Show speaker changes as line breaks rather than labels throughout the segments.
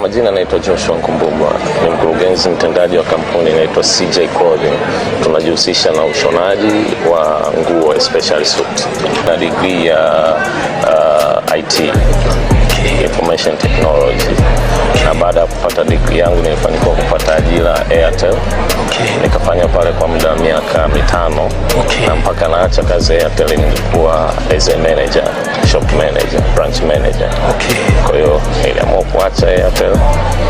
majina naitwa Joshua Nkumbugwa, ni mkurugenzi mtendaji wa kampuni inaitwa CJ Clothing. Tunajihusisha na ushonaji wa nguo especially suit na degree ya uh, IT information technology, na baada ya kupata degree yangu nilifanikiwa kupata ajira Airtel, nikafanya pale kwa muda wa miaka mitano, na mpaka naacha kazi Airtel nilikuwa as a manager, shop manager, branch manager. Okay kuacha Airtel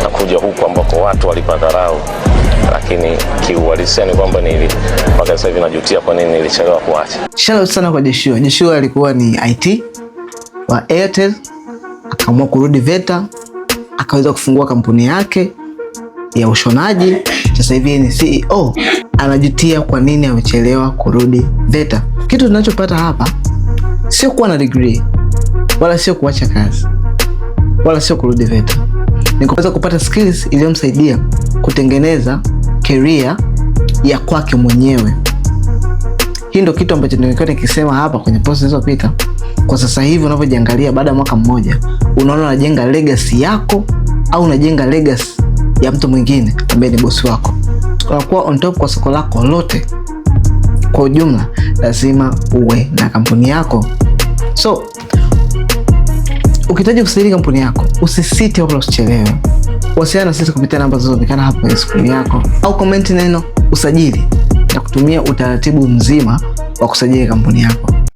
na kuja huku ambako watu walipadharau, lakini kiuhalisia ni kwamba mpaka sasa hivi najutia kwa nini nilichelewa kuacha.
Shout out sana kwa Joshua. Joshua alikuwa ni IT wa Airtel, akaamua kurudi VETA, akaweza kufungua kampuni yake ya ushonaji. Sasa hivi ni CEO, anajutia kwa nini amechelewa kurudi VETA. Kitu tunachopata hapa sio kuwa na degree wala sio kuacha kazi wala sio kurudi VETA. Ni kuweza kupata skills iliyomsaidia kutengeneza career ya kwake mwenyewe. Hii ndio kitu ambacho nimekuwa nikisema hapa kwenye post zilizopita. Kwa sasa hivi unavyojiangalia, baada ya mwaka mmoja, unaona unajenga legacy yako au unajenga legacy ya mtu mwingine ambaye ni bosi wako? Unakuwa on top kwa soko lako lote kwa ujumla. Lazima uwe na kampuni yako so Ukihitaji kusajili kampuni yako, usisite wala usichelewe. Wasiliana na sisi kupitia namba zinazoonekana hapo kwenye skrini yako au komenti neno usajili na kutumia utaratibu mzima wa kusajili kampuni yako.